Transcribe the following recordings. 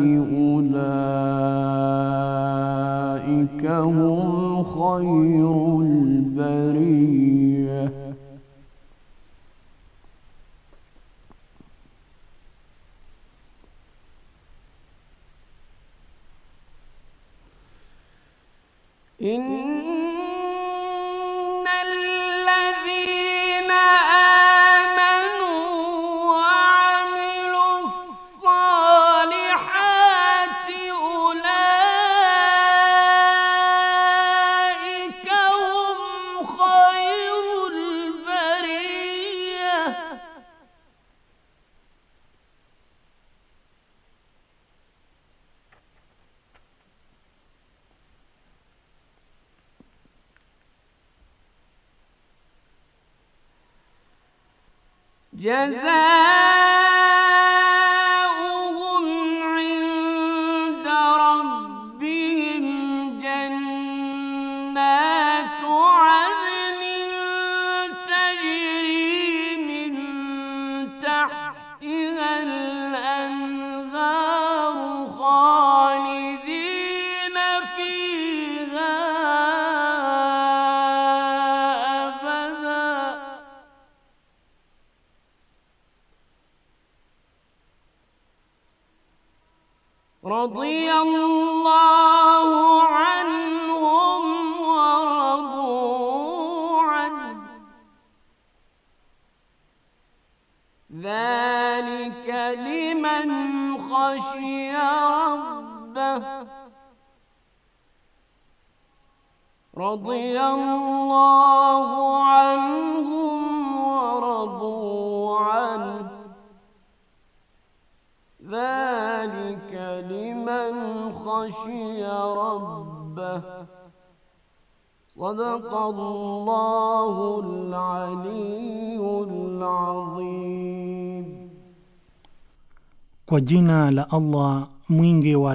أولئك هم خير رضي الله عنهم ورضوا عنه ذلك لمن خشي ربه صدق الله العلي العظيم kwa لالله la allah mwingi wa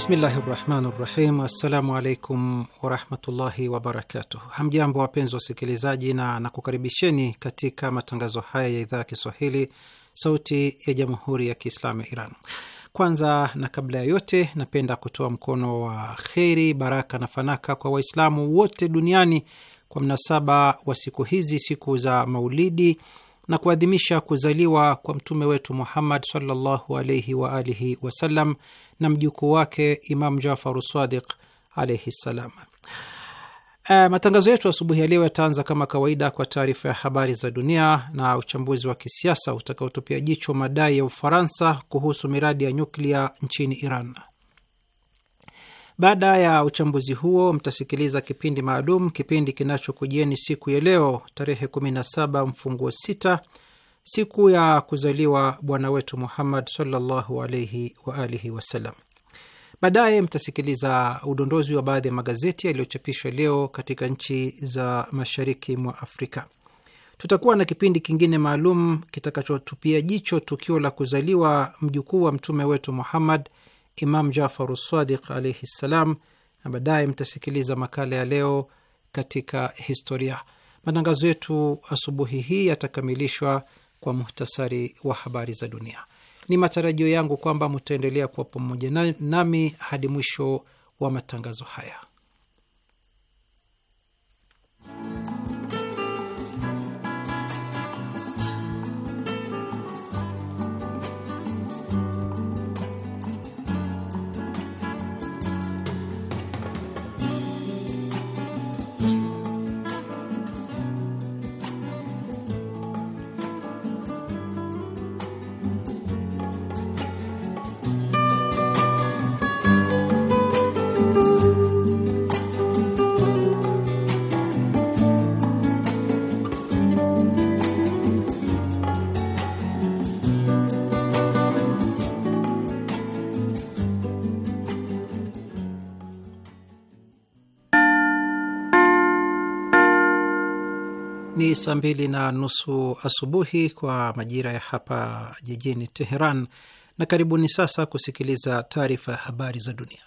Bismillahi rahmani rahim. Assalamu alaikum warahmatullahi wabarakatuh. Hamjambo wapenzi wasikilizaji, na nakukaribisheni katika matangazo haya ya idhaa ya Kiswahili sauti ya jamhuri ya Kiislamu ya Iran. Kwanza na kabla ya yote, napenda kutoa mkono wa kheri, baraka na fanaka kwa Waislamu wote duniani kwa mnasaba wa siku hizi, siku za Maulidi na kuadhimisha kuzaliwa kwa mtume wetu Muhammad sallallahu alaihi waalihi wasallam na mjukuu wake Imam Jafaru Sadiq alaihi ssalam. E, eh, matangazo yetu asubuhi ya leo yataanza kama kawaida kwa taarifa ya habari za dunia na uchambuzi wa kisiasa utakaotupia jicho madai ya Ufaransa kuhusu miradi ya nyuklia nchini Iran. Baada ya uchambuzi huo, mtasikiliza kipindi maalum, kipindi kinachokujieni siku ya leo tarehe 17 mfunguo 6 siku ya kuzaliwa bwana wetu Muhammad sallallahu alaihi wasallam. Baadaye mtasikiliza udondozi wa baadhi ya magazeti yaliyochapishwa leo katika nchi za mashariki mwa Afrika. Tutakuwa na kipindi kingine maalum kitakachotupia jicho tukio la kuzaliwa mjukuu wa mtume wetu Muhammad, Imam Jafaru Sadiq alaihi ssalam, na baadaye mtasikiliza makala ya leo katika historia. Matangazo yetu asubuhi hii yatakamilishwa kwa muhtasari wa habari za dunia. Ni matarajio yangu kwamba mutaendelea kuwa pamoja nami hadi mwisho wa matangazo haya. saa mbili na nusu asubuhi kwa majira ya hapa jijini Teheran, na karibuni sasa kusikiliza taarifa ya habari za dunia.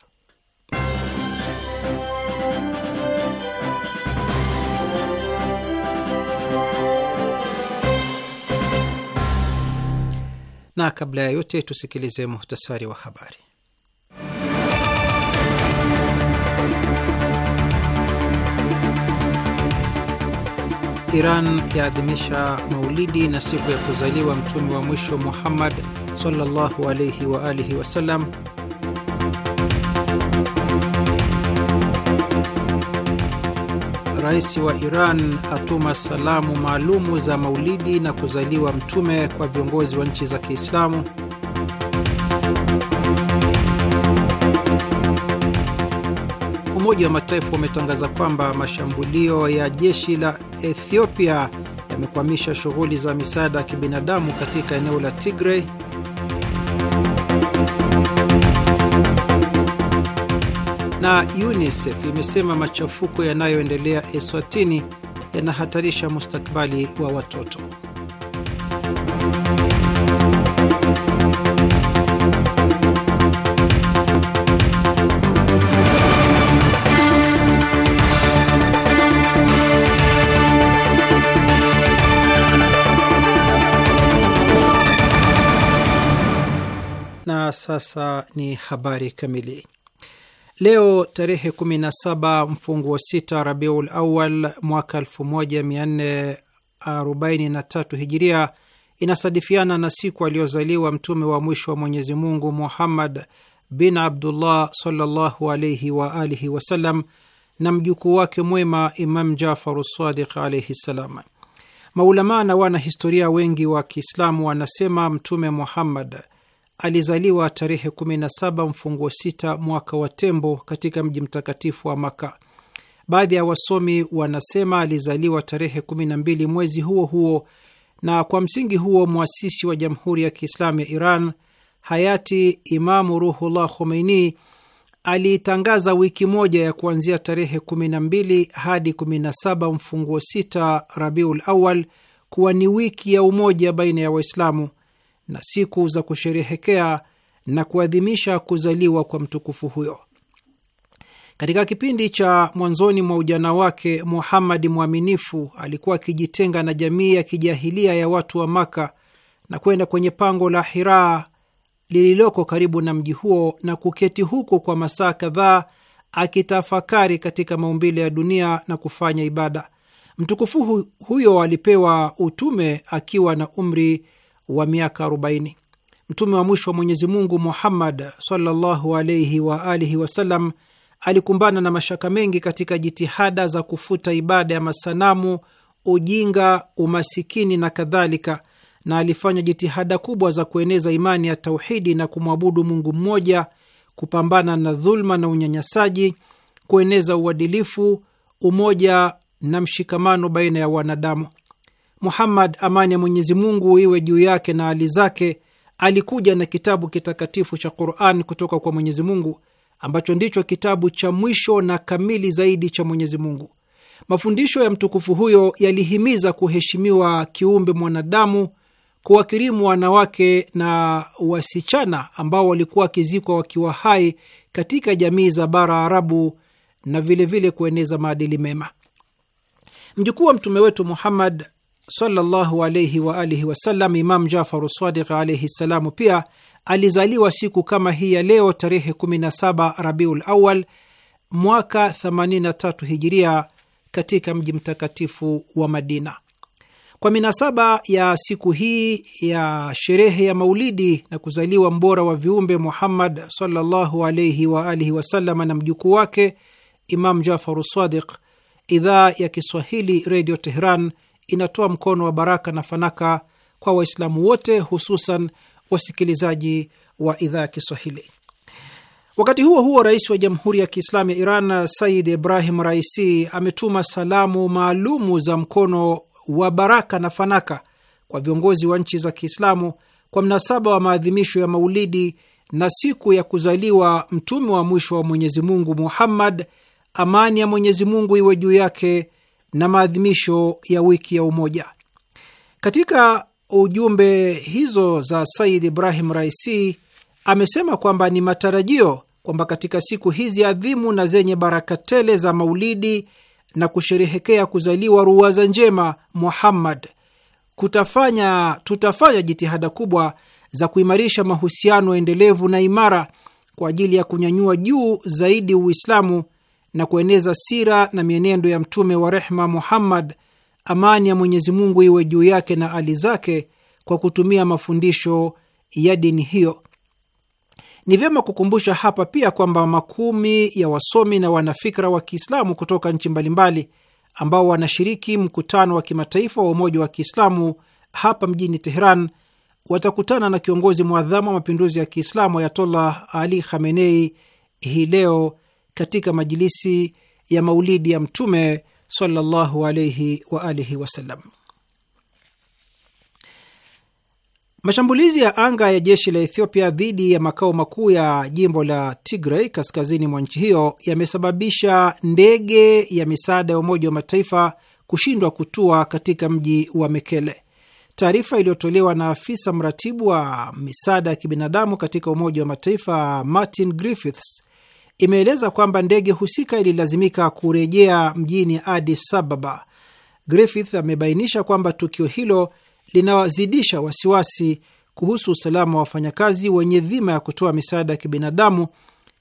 Na kabla ya yote tusikilize muhtasari wa habari. Iran yaadhimisha maulidi na siku ya kuzaliwa mtume wa mwisho Muhammad sallallahu alayhi wa alihi wasallam. Rais wa Iran atuma salamu maalumu za maulidi na kuzaliwa mtume kwa viongozi wa nchi za Kiislamu. Umoja wa Mataifa umetangaza kwamba mashambulio ya jeshi la Ethiopia yamekwamisha shughuli za misaada ya kibinadamu katika eneo la Tigray. Na UNICEF imesema machafuko yanayoendelea Eswatini yanahatarisha mustakabali wa watoto. sasa ni habari kamili. Leo tarehe 17 mfunguo 6 Rabiul Awal mwaka 1443 Hijiria inasadifiana na siku aliyozaliwa mtume wa mwisho wa Mwenyezi Mungu Muhammad bin Abdullah sallallahu alaihi wa alihi wasallam na mjukuu wake mwema Imam Jafaru Sadiq alaihi ssalam. Maulamaa na wanahistoria wengi wa Kiislamu wanasema Mtume Muhammad alizaliwa tarehe 17 mfunguo 6 mwaka wa Tembo katika mji mtakatifu wa Maka. Baadhi ya wasomi wanasema alizaliwa tarehe 12 mwezi huo huo, na kwa msingi huo mwasisi wa Jamhuri ya Kiislamu ya Iran hayati Imamu Ruhullah Khomeini aliitangaza wiki moja ya kuanzia tarehe 12 hadi 17 mfunguo 6 Rabiul Awal kuwa ni wiki ya umoja baina ya Waislamu na siku za kusherehekea na kuadhimisha kuzaliwa kwa mtukufu huyo. Katika kipindi cha mwanzoni mwa ujana wake, Muhammadi mwaminifu alikuwa akijitenga na jamii ya kijahilia ya watu wa Maka na kwenda kwenye pango la Hiraa lililoko karibu na mji huo na kuketi huko kwa masaa kadhaa akitafakari katika maumbile ya dunia na kufanya ibada. Mtukufu huyo alipewa utume akiwa na umri wa miaka 40. Mtume wa mwisho wa Mwenyezi Mungu Muhammad sallallahu alayhi wa alihi wasallam alikumbana na mashaka mengi katika jitihada za kufuta ibada ya masanamu, ujinga, umasikini na kadhalika, na alifanya jitihada kubwa za kueneza imani ya tauhidi na kumwabudu Mungu mmoja, kupambana na dhulma na unyanyasaji, kueneza uadilifu, umoja na mshikamano baina ya wanadamu. Muhammad, amani ya Mwenyezi Mungu iwe juu yake na hali zake, alikuja na kitabu kitakatifu cha Quran kutoka kwa Mwenyezi Mungu ambacho ndicho kitabu cha mwisho na kamili zaidi cha Mwenyezi Mungu. Mafundisho ya mtukufu huyo yalihimiza kuheshimiwa kiumbe mwanadamu, kuwakirimu wanawake na wasichana ambao walikuwa wakizikwa wakiwa hai katika jamii za bara Arabu na vilevile vile kueneza maadili mema. Mjukuu wa mtume wetu Muhammad sallallahu alaihi wa alihi wasallam, Imam Jafaru Sadiq alaihi ssalamu pia alizaliwa siku kama hii ya leo tarehe 17 Rabiul Awal mwaka 83 hijiria katika mji mtakatifu wa Madina. Kwa minasaba ya siku hii ya sherehe ya maulidi na kuzaliwa mbora wa viumbe Muhammad sallallahu alaihi wa alihi wasallam na mjukuu wake Imam Jafaru Sadiq, idhaa ya Kiswahili Redio Tehran inatoa mkono wa baraka na fanaka kwa Waislamu wote, hususan wasikilizaji wa idhaa ya Kiswahili. Wakati huo huo, rais wa Jamhuri ya Kiislamu ya Iran Said Ibrahim Raisi ametuma salamu maalumu za mkono wa baraka na fanaka kwa viongozi wa nchi za Kiislamu kwa mnasaba wa maadhimisho ya Maulidi na siku ya kuzaliwa mtume wa mwisho wa Mwenyezi Mungu Muhammad, amani ya Mwenyezi Mungu iwe juu yake na maadhimisho ya wiki ya umoja. Katika ujumbe hizo za Said Ibrahim Raisi amesema kwamba ni matarajio kwamba katika siku hizi adhimu na zenye baraka tele za maulidi na kusherehekea kuzaliwa ruwaza njema Muhammad kutafanya tutafanya jitihada kubwa za kuimarisha mahusiano endelevu na imara kwa ajili ya kunyanyua juu zaidi Uislamu na kueneza sira na mienendo ya mtume wa rehma Muhammad, amani ya Mwenyezi Mungu iwe juu yake na ali zake, kwa kutumia mafundisho ya dini hiyo. Ni vyema kukumbusha hapa pia kwamba makumi ya wasomi na wanafikra wa Kiislamu kutoka nchi mbalimbali ambao wanashiriki mkutano wa kimataifa wa umoja wa Kiislamu hapa mjini Teheran watakutana na kiongozi mwadhamu wa mapinduzi ya Kiislamu Ayatollah Ali Khamenei hii leo katika majilisi ya maulidi ya Mtume sallallahu alaihi wa alihi wasallam. Mashambulizi ya anga ya jeshi la Ethiopia dhidi ya makao makuu ya jimbo la Tigray kaskazini mwa nchi hiyo yamesababisha ndege ya misaada ya Umoja wa Mataifa kushindwa kutua katika mji wa Mekele. Taarifa iliyotolewa na afisa mratibu wa misaada ya kibinadamu katika Umoja wa Mataifa Martin Griffiths imeeleza kwamba ndege husika ililazimika kurejea mjini Addis Ababa. Griffith amebainisha kwamba tukio hilo linawazidisha wasiwasi kuhusu usalama wa wafanyakazi wenye dhima ya kutoa misaada ya kibinadamu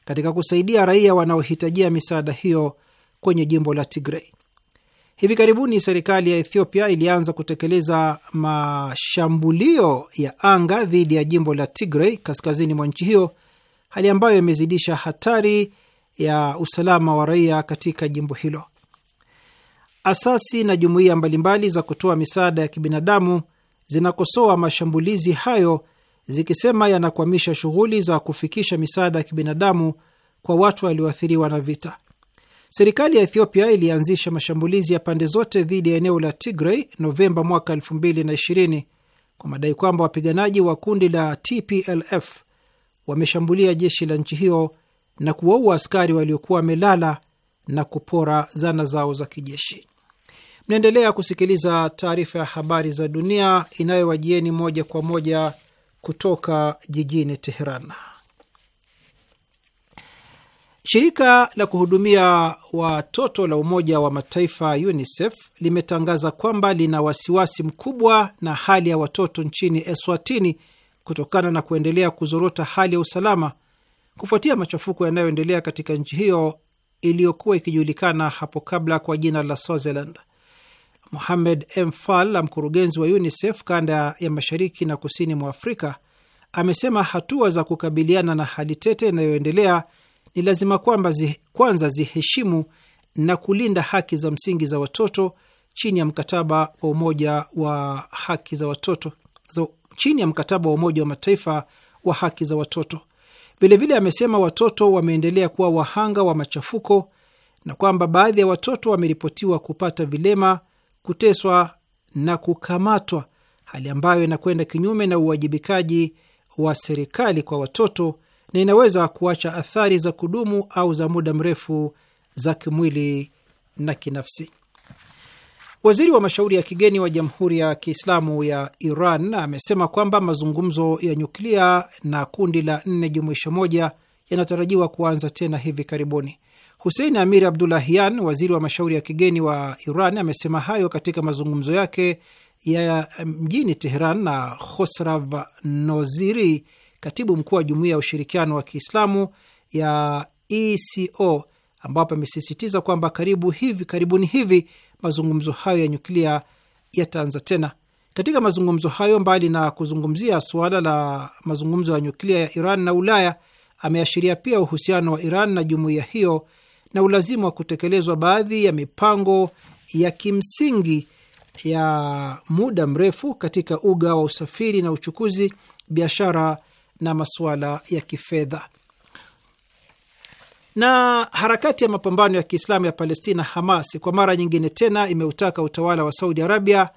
katika kusaidia raia wanaohitajia misaada hiyo kwenye jimbo la Tigray. Hivi karibuni serikali ya Ethiopia ilianza kutekeleza mashambulio ya anga dhidi ya jimbo la Tigray kaskazini mwa nchi hiyo hali ambayo imezidisha hatari ya usalama wa raia katika jimbo hilo. Asasi na jumuiya mbalimbali za kutoa misaada ya kibinadamu zinakosoa mashambulizi hayo zikisema yanakwamisha shughuli za kufikisha misaada ya kibinadamu kwa watu walioathiriwa na vita. Serikali ya Ethiopia ilianzisha mashambulizi ya pande zote dhidi ya eneo la Tigray Novemba mwaka 2020 kwa madai kwamba wapiganaji wa kundi la TPLF wameshambulia jeshi la nchi hiyo na kuwaua askari waliokuwa wamelala na kupora zana zao za kijeshi. Mnaendelea kusikiliza taarifa ya habari za dunia inayowajieni moja kwa moja kutoka jijini Teheran. Shirika la kuhudumia watoto la Umoja wa Mataifa UNICEF limetangaza kwamba lina wasiwasi mkubwa na hali ya watoto nchini Eswatini kutokana na kuendelea kuzorota hali ya usalama kufuatia machafuko yanayoendelea katika nchi hiyo iliyokuwa ikijulikana hapo kabla kwa jina la Swaziland. Mohamed M Fall, mkurugenzi wa UNICEF kanda ya mashariki na kusini mwa Afrika, amesema hatua za kukabiliana na hali tete inayoendelea ni lazima kwamba zi, kwanza ziheshimu na kulinda haki za msingi za watoto chini ya mkataba wa Umoja wa haki za watoto za, chini ya mkataba wa Umoja wa Mataifa wa haki za watoto. Vilevile amesema watoto wameendelea kuwa wahanga wa machafuko na kwamba baadhi ya watoto wameripotiwa kupata vilema, kuteswa na kukamatwa, hali ambayo inakwenda kinyume na uwajibikaji wa serikali kwa watoto na inaweza kuacha athari za kudumu au za muda mrefu za kimwili na kinafsi. Waziri wa mashauri ya kigeni wa Jamhuri ya Kiislamu ya Iran amesema kwamba mazungumzo ya nyuklia na kundi la nne jumuisho moja yanatarajiwa kuanza tena hivi karibuni. Husein Amir Abdulahian, waziri wa mashauri ya kigeni wa Iran, amesema hayo katika mazungumzo yake ya mjini Teheran na Khosrav Noziri, katibu mkuu wa Jumuiya ya Ushirikiano wa Kiislamu ya ECO, ambapo amesisitiza kwamba karibu hivi karibuni hivi mazungumzo hayo ya nyuklia yataanza tena. Katika mazungumzo hayo, mbali na kuzungumzia suala la mazungumzo ya nyuklia ya Iran na Ulaya, ameashiria pia uhusiano wa Iran na jumuiya hiyo na ulazima wa kutekelezwa baadhi ya mipango ya kimsingi ya muda mrefu katika uga wa usafiri na uchukuzi, biashara na masuala ya kifedha. Na harakati ya mapambano ya Kiislamu ya Palestina, Hamas, kwa mara nyingine tena imeutaka utawala wa Saudi Arabia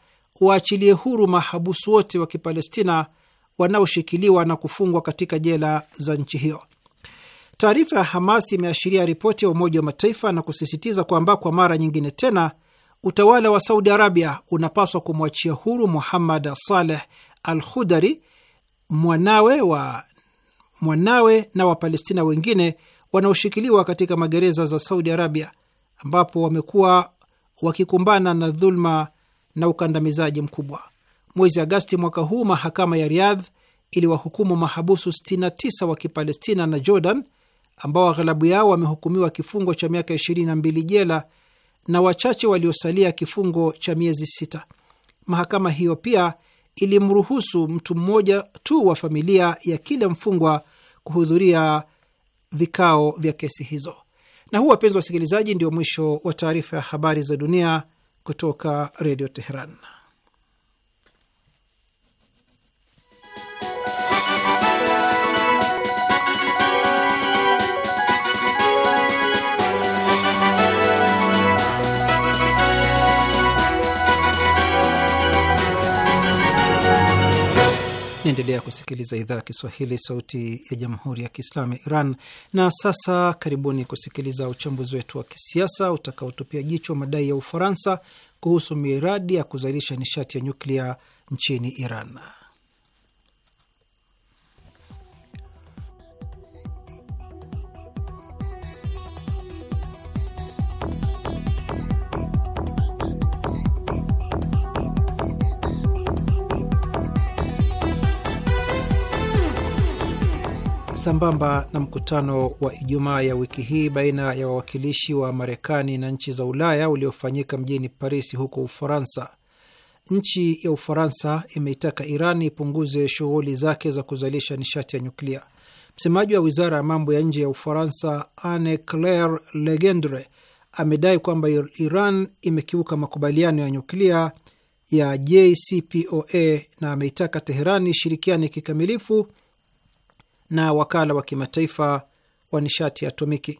waachilie huru mahabusu wote wa Kipalestina wanaoshikiliwa na kufungwa katika jela za nchi hiyo. Taarifa ya Hamas imeashiria ripoti ya Umoja wa Mataifa na kusisitiza kwamba kwa mara nyingine tena utawala wa Saudi Arabia unapaswa kumwachia huru Muhammad Saleh Al Khudari, mwanawe wa mwanawe na Wapalestina wengine wanaoshikiliwa katika magereza za Saudi Arabia, ambapo wamekuwa wakikumbana na dhuluma na ukandamizaji mkubwa. Mwezi Agasti mwaka huu mahakama ya Riyadh iliwahukumu mahabusu 69 wa Kipalestina na Jordan ambao aghalabu yao wamehukumiwa kifungo cha miaka 22 jela na wachache waliosalia kifungo cha miezi sita. Mahakama hiyo pia ilimruhusu mtu mmoja tu wa familia ya kila mfungwa kuhudhuria vikao vya kesi hizo. Na huu, wapenzi wasikilizaji, ndio mwisho wa taarifa ya habari za dunia kutoka Redio Teheran. Naendelea kusikiliza idhaa ya Kiswahili, sauti ya jamhuri ya kiislamu ya Iran. Na sasa karibuni kusikiliza uchambuzi wetu wa kisiasa utakaotupia jicho madai ya Ufaransa kuhusu miradi ya kuzalisha nishati ya nyuklia nchini Iran. sambamba na mkutano wa Ijumaa ya wiki hii baina ya wawakilishi wa Marekani na nchi za Ulaya uliofanyika mjini Paris huko Ufaransa. Nchi ya Ufaransa imeitaka Iran ipunguze shughuli zake za kuzalisha nishati ya nyuklia. Msemaji wa wizara ya mambo ya nje ya Ufaransa, Anne Claire Legendre, amedai kwamba Iran imekiuka makubaliano ya nyuklia ya JCPOA na ameitaka Teherani ishirikiane kikamilifu na wakala wa kimataifa wa nishati ya atomiki.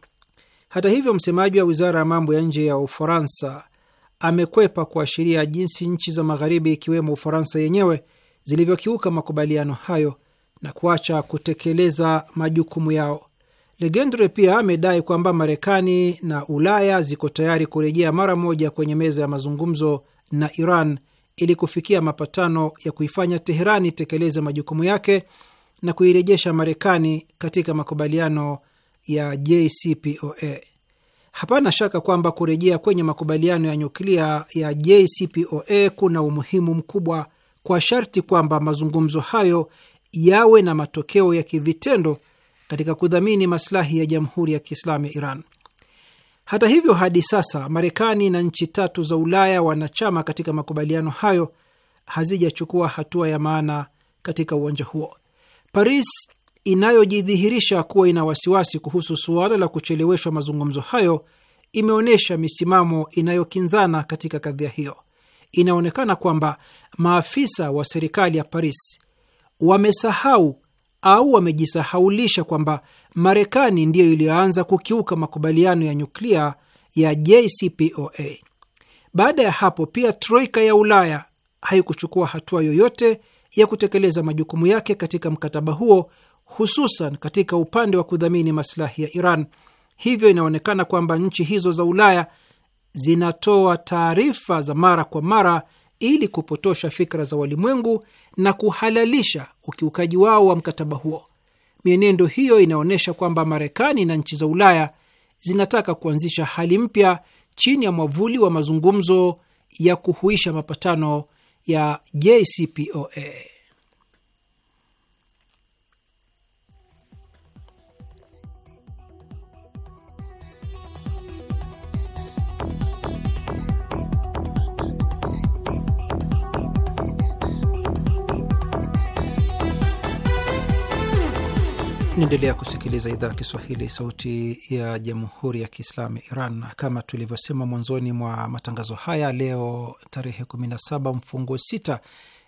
Hata hivyo, msemaji wa wizara ya mambo ya nje ya Ufaransa amekwepa kuashiria jinsi nchi za Magharibi ikiwemo Ufaransa yenyewe zilivyokiuka makubaliano hayo na kuacha kutekeleza majukumu yao. Legendre pia amedai kwamba Marekani na Ulaya ziko tayari kurejea mara moja kwenye meza ya mazungumzo na Iran ili kufikia mapatano ya kuifanya Teherani itekeleze majukumu yake na kuirejesha Marekani katika makubaliano ya JCPOA. Hapana shaka kwamba kurejea kwenye makubaliano ya nyuklia ya JCPOA kuna umuhimu mkubwa kwa sharti kwamba mazungumzo hayo yawe na matokeo ya kivitendo katika kudhamini maslahi ya Jamhuri ya Kiislamu ya Iran. Hata hivyo, hadi sasa Marekani na nchi tatu za Ulaya wanachama katika makubaliano hayo hazijachukua hatua ya maana katika uwanja huo. Paris inayojidhihirisha kuwa ina wasiwasi kuhusu suala la kucheleweshwa mazungumzo hayo imeonyesha misimamo inayokinzana katika kadhia hiyo. Inaonekana kwamba maafisa wa serikali ya Paris wamesahau au wamejisahaulisha kwamba Marekani ndiyo iliyoanza kukiuka makubaliano ya nyuklia ya JCPOA. Baada ya hapo pia troika ya Ulaya haikuchukua hatua yoyote ya kutekeleza majukumu yake katika mkataba huo, hususan katika upande wa kudhamini maslahi ya Iran. Hivyo inaonekana kwamba nchi hizo za Ulaya zinatoa taarifa za mara kwa mara ili kupotosha fikra za walimwengu na kuhalalisha ukiukaji wao wa mkataba huo. Mienendo hiyo inaonyesha kwamba Marekani na nchi za Ulaya zinataka kuanzisha hali mpya chini ya mwavuli wa mazungumzo ya kuhuisha mapatano ya JCPOA. Naendelea kusikiliza idhaa ya Kiswahili, sauti ya jamhuri ya kiislamu ya Iran. Kama tulivyosema mwanzoni mwa matangazo haya, leo tarehe 17 mfungo 6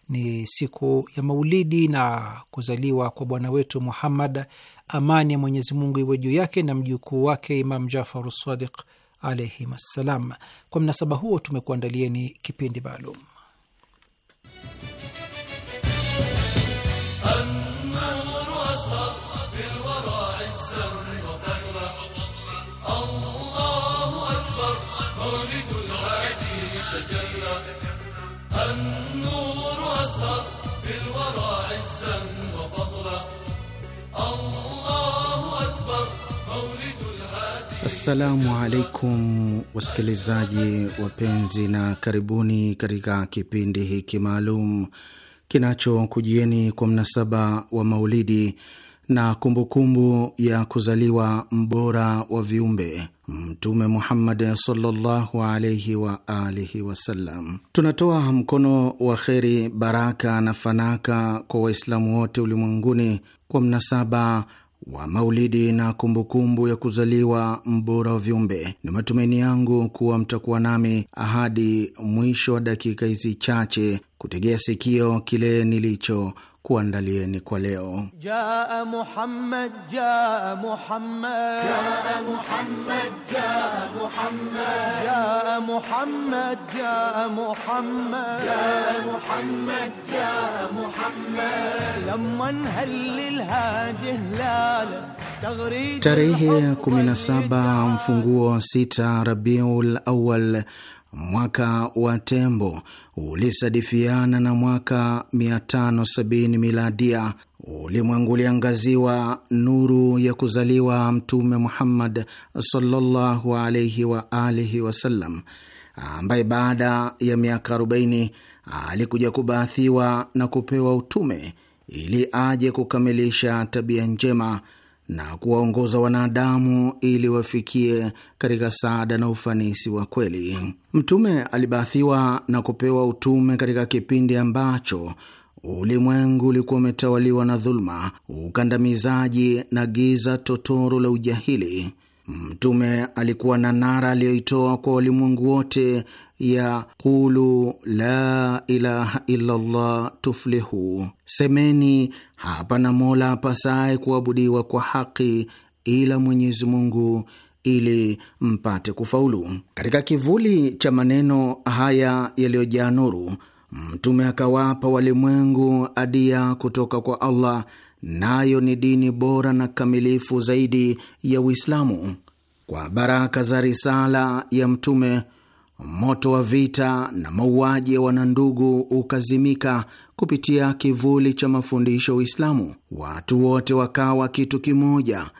ni siku ya Maulidi na kuzaliwa kwa bwana wetu Muhammad, amani ya Mwenyezi Mungu iwe juu yake, na mjukuu wake Imam jafar Sadiq alaihim assalam. Kwa mnasaba huo tumekuandalieni kipindi maalum Assalamu alaikum wasikilizaji wapenzi, na karibuni katika kipindi hiki maalum kinachokujieni kwa mnasaba wa maulidi na kumbukumbu kumbu ya kuzaliwa mbora wa viumbe Mtume Muhammad sallallahu alaihi wa alihi wasallam. Tunatoa mkono wa kheri, baraka na fanaka kwa Waislamu wote ulimwenguni kwa mnasaba wa maulidi na kumbukumbu kumbu ya kuzaliwa mbora wa viumbe. Ni matumaini yangu kuwa mtakuwa nami ahadi mwisho wa dakika hizi chache kutegea sikio kile nilicho kuandalieni kwa leo. Jaa Muhammad, jaa Muhammad, jaa Muhammad, jaa Muhammad, jaa Muhammad, jaa Muhammad, jaa Muhammad, hadi hilala Tarehe ya 17 mfunguo wa sita Rabiul Awal Mwaka wa tembo ulisadifiana na mwaka 570 miladia. Ulimwengu uliangaziwa nuru ya kuzaliwa Mtume Muhammad sallallahu alaihi wa alihi wasallam, ambaye baada ya miaka 40 alikuja kubaathiwa na kupewa utume ili aje kukamilisha tabia njema na kuwaongoza wanadamu ili wafikie katika saada na ufanisi wa kweli. Mtume alibaathiwa na kupewa utume katika kipindi ambacho ulimwengu ulikuwa umetawaliwa na dhuluma, ukandamizaji na giza totoro la ujahili. Mtume alikuwa na nara aliyoitoa kwa walimwengu wote ya kulu la ilaha illallah tuflihu, semeni hapana mola apasaye kuabudiwa kwa haki ila Mwenyezi Mungu ili mpate kufaulu. Katika kivuli cha maneno haya yaliyojaa nuru, Mtume akawapa walimwengu adia kutoka kwa Allah nayo ni dini bora na kamilifu zaidi ya Uislamu. Kwa baraka za risala ya Mtume, moto wa vita na mauaji ya wanandugu ukazimika kupitia kivuli cha mafundisho Uislamu. Watu wote wakawa kitu kimoja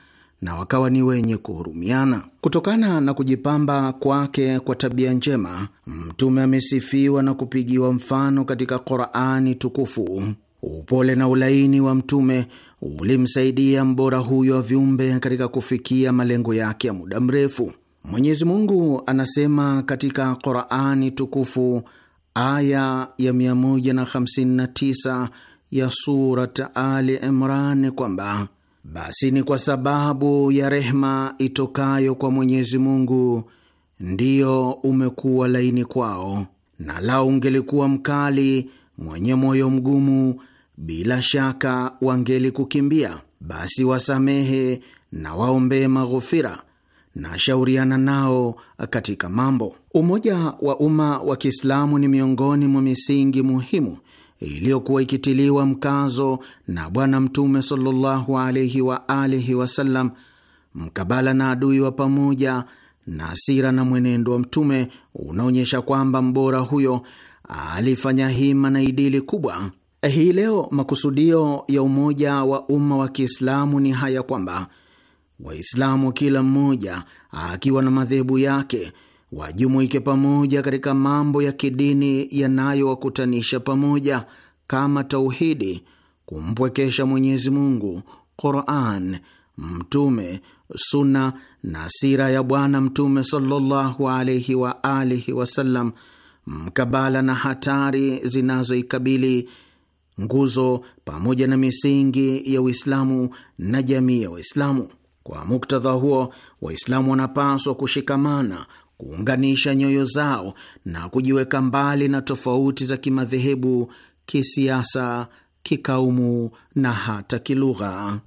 na wakawa ni wenye kuhurumiana. Kutokana na kujipamba kwake kwa tabia njema, Mtume amesifiwa na kupigiwa mfano katika Qurani tukufu. Upole na ulaini wa Mtume ulimsaidia mbora huyo wa viumbe katika kufikia malengo yake ya muda mrefu. Mwenyezi Mungu anasema katika Qurani Tukufu, aya ya 159 ya Surat Ali Imran kwamba basi ni kwa sababu ya rehma itokayo kwa Mwenyezi Mungu ndiyo umekuwa laini kwao, na lau ungelikuwa mkali mwenye moyo mgumu, bila shaka wangelikukimbia. Basi wasamehe na waombee maghufira na shauriana nao katika mambo. Umoja wa umma wa Kiislamu ni miongoni mwa misingi muhimu iliyokuwa ikitiliwa mkazo na Bwana Mtume sallallahu alaihi wa alihi wasallam, mkabala na adui wa pamoja, na sira na mwenendo wa Mtume unaonyesha kwamba mbora huyo alifanya hima na idili kubwa. Hii leo makusudio ya umoja wa umma wa Kiislamu ni haya kwamba Waislamu kila mmoja akiwa na madhehebu yake wajumuike pamoja katika mambo ya kidini yanayowakutanisha pamoja kama tauhidi, kumpwekesha Mwenyezi Mungu, Quran, Mtume, Sunna na sira ya Bwana Mtume sallallahu alaihi wa alihi wasallam mkabala na hatari zinazoikabili nguzo pamoja na misingi ya Uislamu na jamii ya Waislamu. Kwa muktadha huo, Waislamu wanapaswa kushikamana, kuunganisha nyoyo zao na kujiweka mbali na tofauti za kimadhehebu, kisiasa, kikaumu na hata kilugha.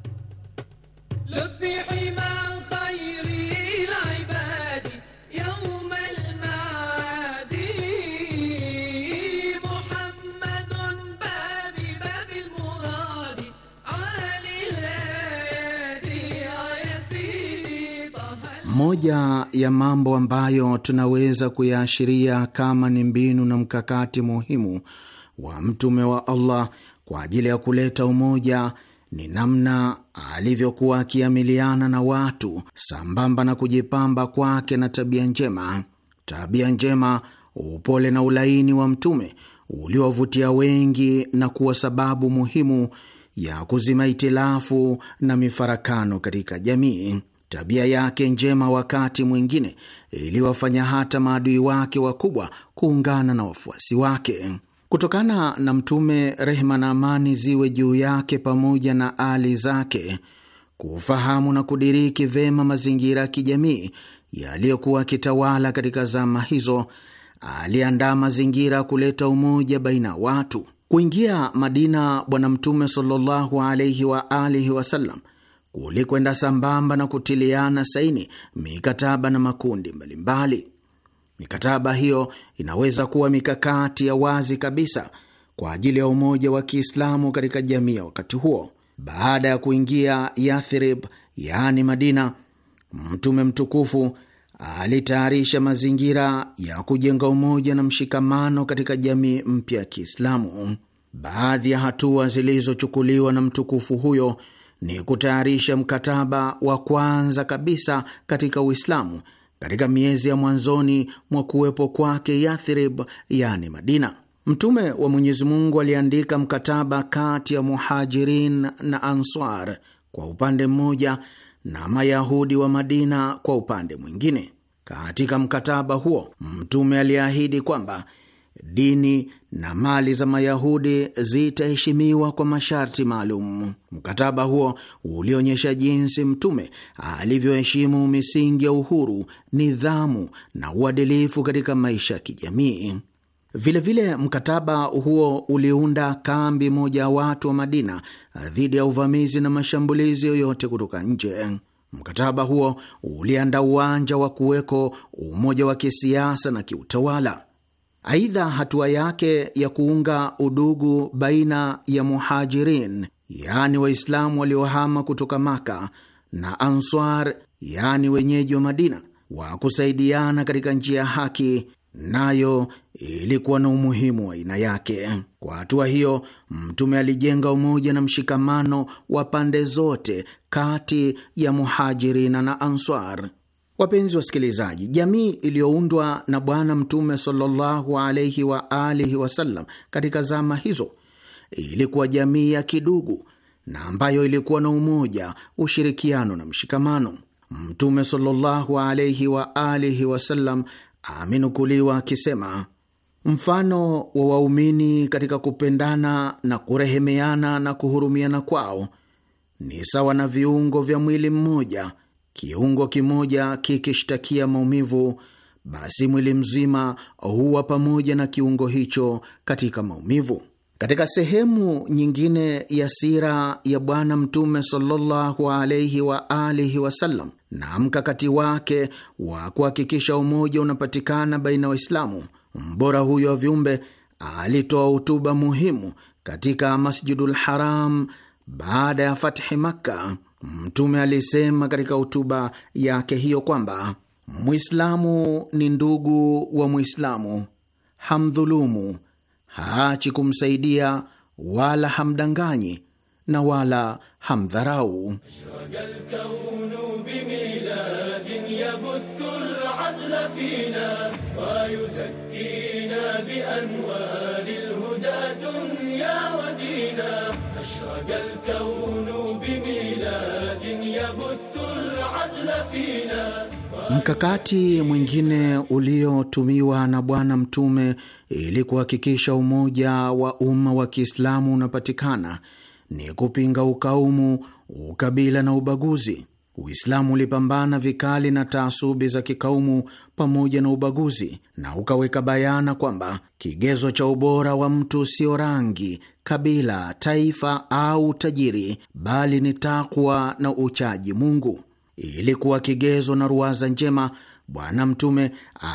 Moja ya mambo ambayo tunaweza kuyaashiria kama ni mbinu na mkakati muhimu wa Mtume wa Allah kwa ajili ya kuleta umoja ni namna alivyokuwa akiamiliana na watu sambamba na kujipamba kwake na tabia njema. Tabia njema, upole na ulaini wa Mtume uliowavutia wengi na kuwa sababu muhimu ya kuzima itilafu na mifarakano katika jamii. Tabia yake njema wakati mwingine iliwafanya hata maadui wake wakubwa kuungana na wafuasi wake. Kutokana na Mtume, rehma na amani ziwe juu yake, pamoja na ali zake, kufahamu na kudiriki vema mazingira ya kijamii yaliyokuwa akitawala katika zama hizo, aliandaa mazingira ya kuleta umoja baina ya watu. Kuingia Madina Bwana Mtume sallallahu alaihi wa alihi wasallam kulikwenda sambamba na kutiliana saini mikataba na makundi mbalimbali. Mikataba hiyo inaweza kuwa mikakati ya wazi kabisa kwa ajili ya umoja wa Kiislamu katika jamii ya wakati huo. Baada ya kuingia Yathrib, yaani Madina, Mtume mtukufu alitayarisha mazingira ya kujenga umoja na mshikamano katika jamii mpya ya Kiislamu. Baadhi ya hatua zilizochukuliwa na mtukufu huyo ni kutayarisha mkataba wa kwanza kabisa katika Uislamu katika miezi ya mwanzoni mwa kuwepo kwake Yathrib, yani Madina. Mtume wa Mwenyezi Mungu aliandika mkataba kati ya Muhajirin na Answar kwa upande mmoja na Mayahudi wa Madina kwa upande mwingine. Katika mkataba huo Mtume aliahidi kwamba dini na mali za Mayahudi zitaheshimiwa kwa masharti maalum. Mkataba huo ulionyesha jinsi Mtume alivyoheshimu misingi ya uhuru, nidhamu na uadilifu katika maisha ya kijamii. Vilevile, mkataba huo uliunda kambi moja ya watu wa Madina dhidi ya uvamizi na mashambulizi yoyote kutoka nje. Mkataba huo uliandaa uwanja wa kuweko umoja wa kisiasa na kiutawala. Aidha, hatua yake ya kuunga udugu baina ya Muhajirin, yaani Waislamu waliohama kutoka Maka, na Answar, yaani wenyeji wa Madina, wa kusaidiana katika njia ya haki, nayo ilikuwa na umuhimu wa aina yake. Kwa hatua hiyo, Mtume alijenga umoja na mshikamano wa pande zote kati ya Muhajirina na Answar. Wapenzi wasikilizaji, jamii iliyoundwa na Bwana Mtume sallallahu alaihi wa alihi wasallam katika zama hizo ilikuwa jamii ya kidugu na ambayo ilikuwa na umoja, ushirikiano na mshikamano. Mtume sallallahu alaihi wa alihi wasallam amenukuliwa akisema, mfano wa waumini katika kupendana na kurehemeana na kuhurumiana kwao ni sawa na viungo vya mwili mmoja kiungo kimoja kikishtakia maumivu, basi mwili mzima huwa pamoja na kiungo hicho katika maumivu. Katika sehemu nyingine ya sira ya Bwana Mtume sallallahu alaihi wa alihi wasallam, na mkakati wake wa kuhakikisha umoja unapatikana baina Waislamu, mbora huyo wa viumbe alitoa hutuba muhimu katika Masjidul Haram baada ya fathi Makka. Mtume alisema katika hotuba yake hiyo kwamba Mwislamu ni ndugu wa Mwislamu, hamdhulumu, haachi kumsaidia, wala hamdanganyi na wala hamdharau. بلاد يبث العدل فينا Mkakati mwingine uliotumiwa na Bwana Mtume ili kuhakikisha umoja wa umma wa Kiislamu unapatikana ni kupinga ukaumu, ukabila na ubaguzi. Uislamu ulipambana vikali na taasubi za kikaumu pamoja na ubaguzi na ukaweka bayana kwamba kigezo cha ubora wa mtu sio rangi, kabila, taifa au tajiri bali ni takwa na uchaji Mungu. Ili kuwa kigezo na ruwaza njema, Bwana Mtume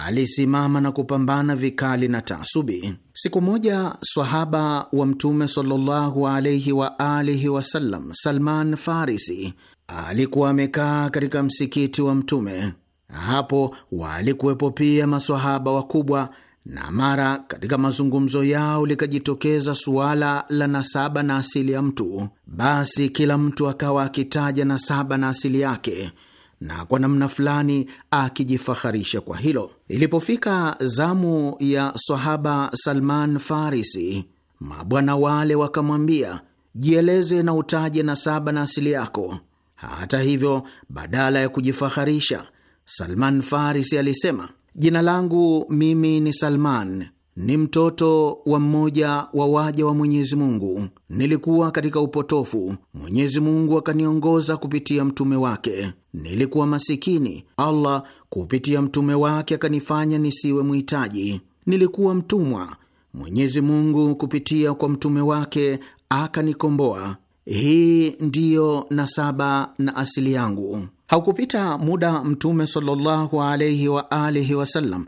alisimama na kupambana vikali na taasubi. Siku moja swahaba wa Mtume sallallahu alaihi wa alihi wasallam, Salman Farisi, alikuwa amekaa katika msikiti wa Mtume. Hapo walikuwepo pia maswahaba wakubwa na mara katika mazungumzo yao likajitokeza suala la nasaba na asili ya mtu, basi kila mtu akawa akitaja nasaba na asili yake na kwa namna fulani akijifaharisha kwa hilo. Ilipofika zamu ya sahaba Salman Farisi, mabwana wale wakamwambia, jieleze na utaje nasaba na asili yako. Hata hivyo, badala ya kujifaharisha, Salman Farisi alisema Jina langu mimi ni Salman, ni mtoto wa mmoja wa waja wa Mwenyezi Mungu. Nilikuwa katika upotofu, Mwenyezi Mungu akaniongoza kupitia mtume wake. Nilikuwa masikini, Allah kupitia mtume wake akanifanya nisiwe mhitaji. Nilikuwa mtumwa, Mwenyezi Mungu kupitia kwa mtume wake akanikomboa. Hii ndiyo nasaba na asili yangu. Haukupita muda Mtume sallallahu alaihi wa alihi wasallam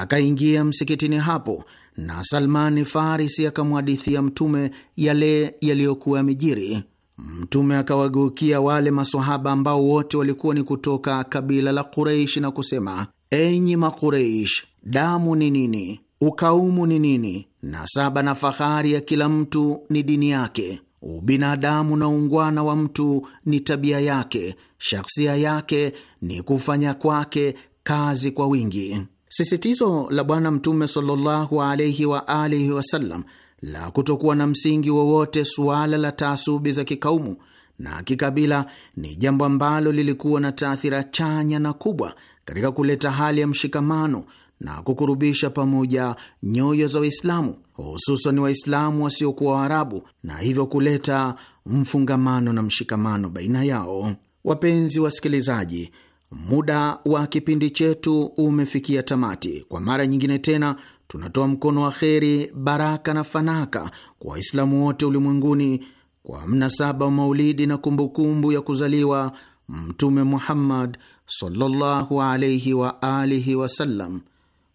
akaingia msikitini hapo, na Salmani Farisi akamwadithia Mtume yale yaliyokuwa yamejiri. Mtume akawageukia wale masahaba ambao wote walikuwa ni kutoka kabila la Quraishi na kusema, enyi makureish damu ni nini? Ukaumu ni nini? Nasaba na fahari ya kila mtu ni dini yake. Ubinadamu na ungwana wa mtu ni tabia yake shakhsia yake ni kufanya kwake kazi kwa wingi. Sisitizo la Bwana Mtume sallallahu alaihi wa alihi wasallam la kutokuwa na msingi wowote suala la taasubi za kikaumu na kikabila ni jambo ambalo lilikuwa na taathira chanya na kubwa katika kuleta hali ya mshikamano na kukurubisha pamoja nyoyo za Waislamu, hususan Waislamu wasiokuwa Waarabu, na hivyo kuleta mfungamano na mshikamano baina yao. Wapenzi wasikilizaji, muda wa kipindi chetu umefikia tamati. Kwa mara nyingine tena tunatoa mkono wa kheri, baraka na fanaka kwa Waislamu wote ulimwenguni kwa mnasaba wa maulidi na kumbukumbu ya kuzaliwa Mtume Muhammad sallallahu alaihi wa alihi wasallam.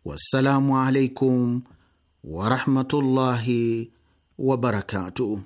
Wassalamu alaikum warahmatullahi wabarakatuh.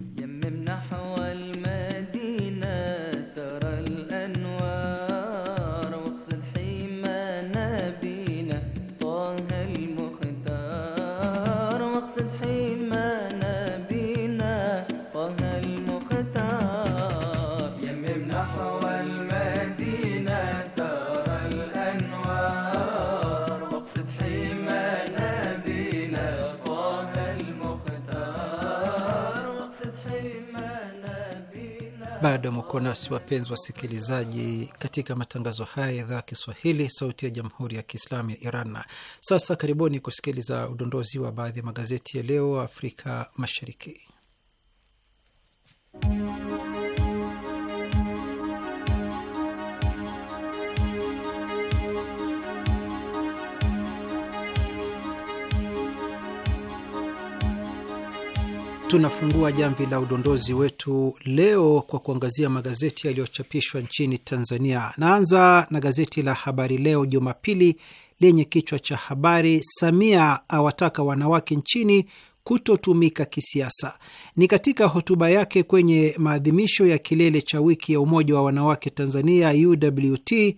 Bado mko nasi wapenzi wasikilizaji, katika matangazo haya ya idhaa ya Kiswahili, sauti ya jamhuri ya kiislamu ya Iran. Sasa karibuni kusikiliza udondozi wa baadhi ya magazeti ya leo Afrika Mashariki. tunafungua jamvi la udondozi wetu leo kwa kuangazia magazeti yaliyochapishwa nchini Tanzania. Naanza na gazeti la Habari Leo Jumapili lenye kichwa cha habari, Samia awataka wanawake nchini kutotumika kisiasa. Ni katika hotuba yake kwenye maadhimisho ya kilele cha wiki ya umoja wa wanawake Tanzania, UWT,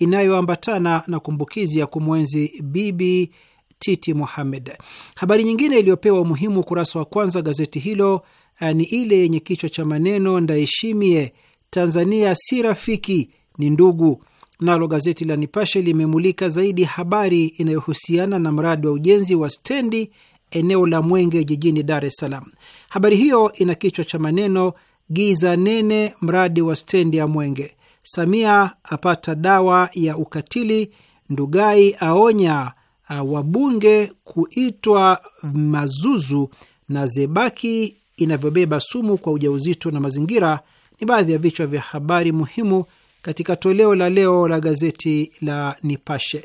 inayoambatana na kumbukizi ya kumwenzi Bibi Titi Mohamed. Habari nyingine iliyopewa umuhimu ukurasa wa kwanza gazeti hilo eh, ni ile yenye kichwa cha maneno Ndaheshimie, Tanzania si rafiki ni ndugu. Nalo gazeti la Nipashe limemulika zaidi habari inayohusiana na mradi wa ujenzi wa stendi eneo la Mwenge jijini Dar es Salaam. Habari hiyo ina kichwa cha maneno giza nene, mradi wa stendi ya Mwenge, Samia apata dawa ya ukatili, Ndugai aonya Uh, wabunge kuitwa mazuzu na zebaki inavyobeba sumu kwa ujauzito na mazingira ni baadhi ya vichwa vya habari muhimu katika toleo la leo la gazeti la Nipashe.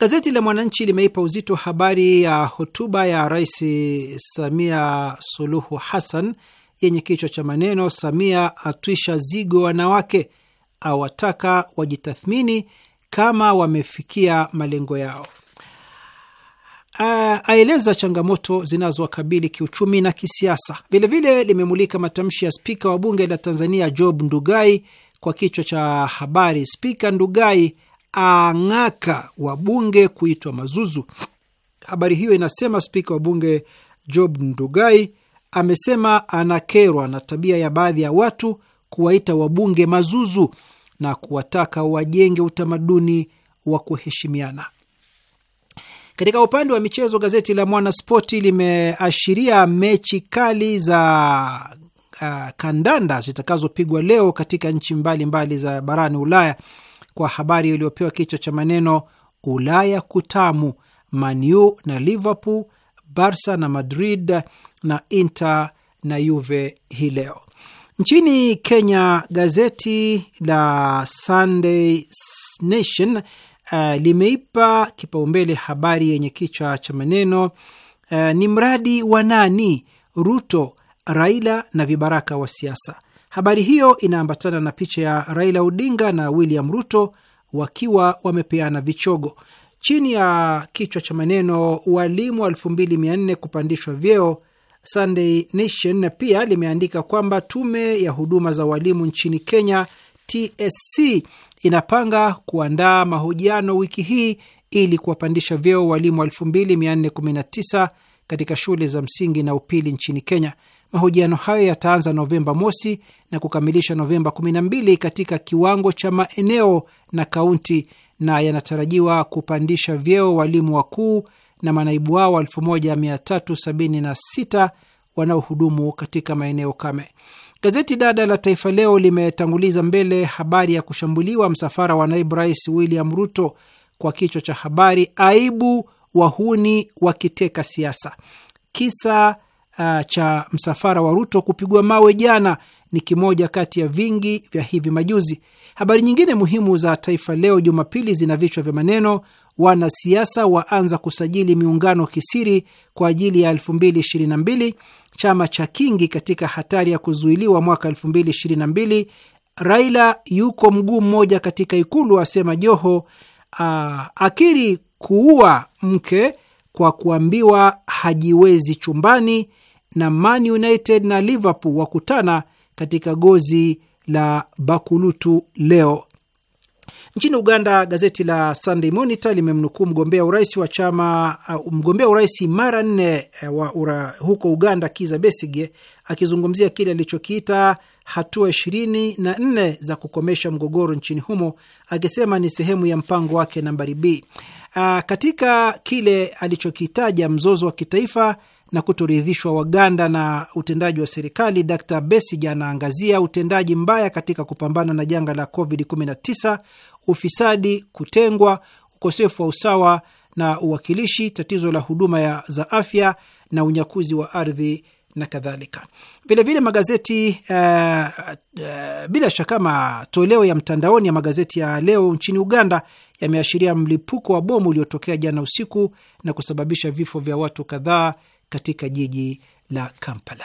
Gazeti la Mwananchi limeipa uzito habari ya hotuba ya Rais Samia Suluhu Hassan yenye kichwa cha maneno Samia atwisha zigo wanawake, awataka wajitathmini kama wamefikia malengo yao. Aeleza changamoto zinazowakabili kiuchumi na kisiasa. Vilevile limemulika matamshi ya spika wa bunge la Tanzania Job Ndugai kwa kichwa cha habari, Spika Ndugai ang'aka wabunge kuitwa mazuzu. Habari hiyo inasema spika wa bunge Job Ndugai amesema anakerwa na tabia ya baadhi ya watu kuwaita wabunge mazuzu na kuwataka wajenge utamaduni wa kuheshimiana. Katika upande wa michezo, gazeti la Mwanaspoti limeashiria mechi kali za uh, kandanda zitakazopigwa leo katika nchi mbalimbali mbali za barani Ulaya kwa habari iliyopewa kichwa cha maneno Ulaya kutamu, Manu na Liverpool, Barca na Madrid na Inter na Juve hii leo. Nchini Kenya, gazeti la Sunday Nation uh, limeipa kipaumbele habari yenye kichwa cha maneno uh, ni mradi wa nani, Ruto, Raila na vibaraka wa siasa. Habari hiyo inaambatana na picha ya Raila Odinga na William Ruto wakiwa wamepeana vichogo chini ya kichwa cha maneno walimu 2400 kupandishwa vyeo Sunday Nation pia limeandika kwamba tume ya huduma za walimu nchini Kenya TSC inapanga kuandaa mahojiano wiki hii ili kuwapandisha vyeo walimu 2419 katika shule za msingi na upili nchini Kenya. Mahojiano hayo yataanza Novemba mosi na kukamilisha Novemba 12 katika kiwango cha maeneo na kaunti, na yanatarajiwa kupandisha vyeo walimu wakuu na manaibu wao 1376 wanaohudumu katika maeneo kame. Gazeti dada la Taifa Leo limetanguliza mbele habari ya kushambuliwa msafara wa naibu rais William Ruto kwa kichwa cha habari, aibu wahuni wakiteka siasa. Kisa uh, cha msafara wa Ruto kupigwa mawe jana ni kimoja kati ya vingi vya hivi majuzi. Habari nyingine muhimu za Taifa Leo Jumapili zina vichwa vya maneno: wanasiasa waanza kusajili miungano kisiri kwa ajili ya 2022, chama cha Kingi katika hatari ya kuzuiliwa mwaka 2022, Raila yuko mguu mmoja katika Ikulu asema Joho, uh, akiri kuua mke kwa kuambiwa hajiwezi chumbani, na Man United na Liverpool wakutana katika gozi la bakulutu leo. Nchini Uganda, gazeti la Sunday Monitor limemnukuu mgombea urais wa chama uh, mgombea urais mara nne uh, wa ura, huko Uganda, Kiza Besige akizungumzia kile alichokiita hatua ishirini na nne za kukomesha mgogoro nchini humo, akisema ni sehemu ya mpango wake nambari B uh, katika kile alichokitaja mzozo wa kitaifa na kutoridhishwa Waganda na utendaji wa serikali, Dr Besige anaangazia utendaji mbaya katika kupambana na janga la COVID-19, ufisadi, kutengwa, ukosefu wa usawa na uwakilishi, tatizo la huduma ya za afya na unyakuzi wa ardhi na kadhalika. Vilevile magazeti uh, uh, bila shaka matoleo ya mtandaoni ya magazeti ya leo nchini Uganda yameashiria mlipuko wa bomu uliotokea jana usiku na kusababisha vifo vya watu kadhaa katika jiji la Kampala.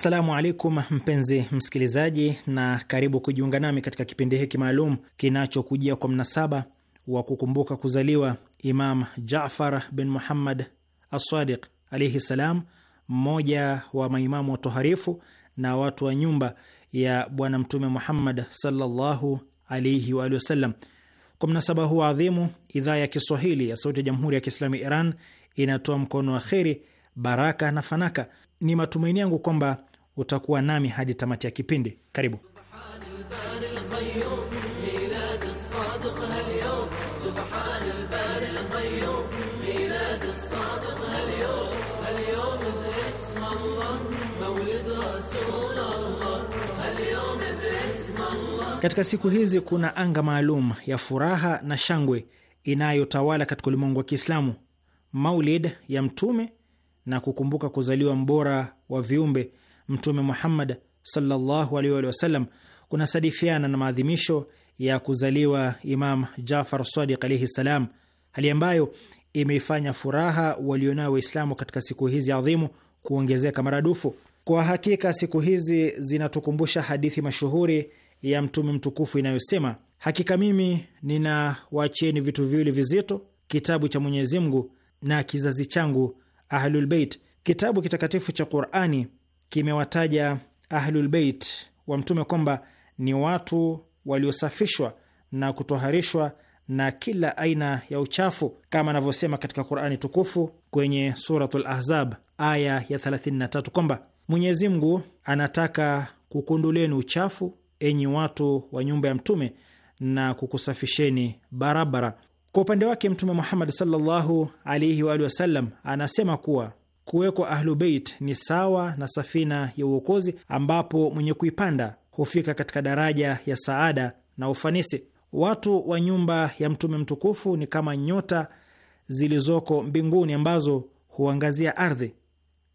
Assalamu alaikum mpenzi msikilizaji, na karibu kujiunga nami katika kipindi hiki maalum kinachokujia kwa mnasaba wa kukumbuka kuzaliwa Imam Jafar bin Muhammad Assadiq alaihi ssalam, mmoja wa maimamu watoharifu na watu wa nyumba ya Bwana Mtume Muhammad sallallahu alaihi waalihi wasallam. Kwa mnasaba huu adhimu, idhaa ya Kiswahili ya Sauti ya Jamhuri ya Kiislamu ya Iran inatoa mkono wa kheri, baraka na fanaka. Ni matumaini yangu kwamba utakuwa nami hadi tamati ya kipindi. Karibu. Katika siku hizi kuna anga maalum ya furaha na shangwe inayotawala katika ulimwengu wa Kiislamu, maulid ya Mtume na kukumbuka kuzaliwa mbora wa viumbe Mtume Muhammad sallallahu alaihi kunasadifiana na maadhimisho ya kuzaliwa Imam Jafar Sadiq alaihi salam, hali ambayo imeifanya furaha walionayo Waislamu katika siku hizi adhimu kuongezeka maradufu. Kwa hakika siku hizi zinatukumbusha hadithi mashuhuri ya Mtume mtukufu inayosema, hakika mimi ninawaacheni vitu viwili vizito, kitabu cha Mwenyezi Mungu na kizazi changu Ahlulbeit. Kitabu kitakatifu cha Qurani kimewataja Ahlulbeit wa Mtume kwamba ni watu waliosafishwa na kutoharishwa na kila aina ya uchafu kama anavyosema katika Qurani tukufu kwenye Suratul Ahzab aya ya 33 kwamba Mwenyezi Mungu anataka kukunduleni uchafu enyi watu wa nyumba ya Mtume na kukusafisheni barabara. Kwa upande wake Mtume Muhammad sallallahu alaihi wa alihi wasallam anasema kuwa kuwekwa Ahlubeit ni sawa na safina ya uokozi ambapo mwenye kuipanda hufika katika daraja ya saada na ufanisi. Watu wa nyumba ya Mtume mtukufu ni kama nyota zilizoko mbinguni ambazo huangazia ardhi.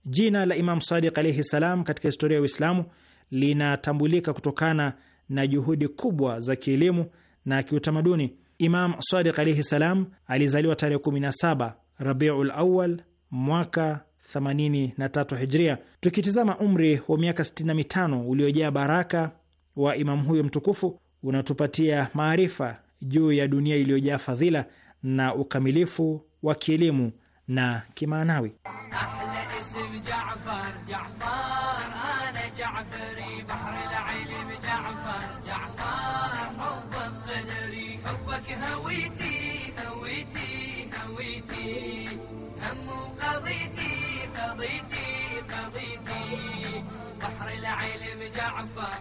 Jina la Imam Sadiq alaihi salam katika historia ya Uislamu linatambulika kutokana na juhudi kubwa za kielimu na kiutamaduni. Imam Sadiq alaihi salam alizaliwa tarehe 17 Rabiul Awal mwaka 83 hijria. Tukitizama umri wa miaka 65 uliojaa baraka wa imamu huyo mtukufu unatupatia maarifa juu ya dunia iliyojaa fadhila na ukamilifu wa kielimu na kimaanawi. قضيتي قضيتي بحر العلم جعفر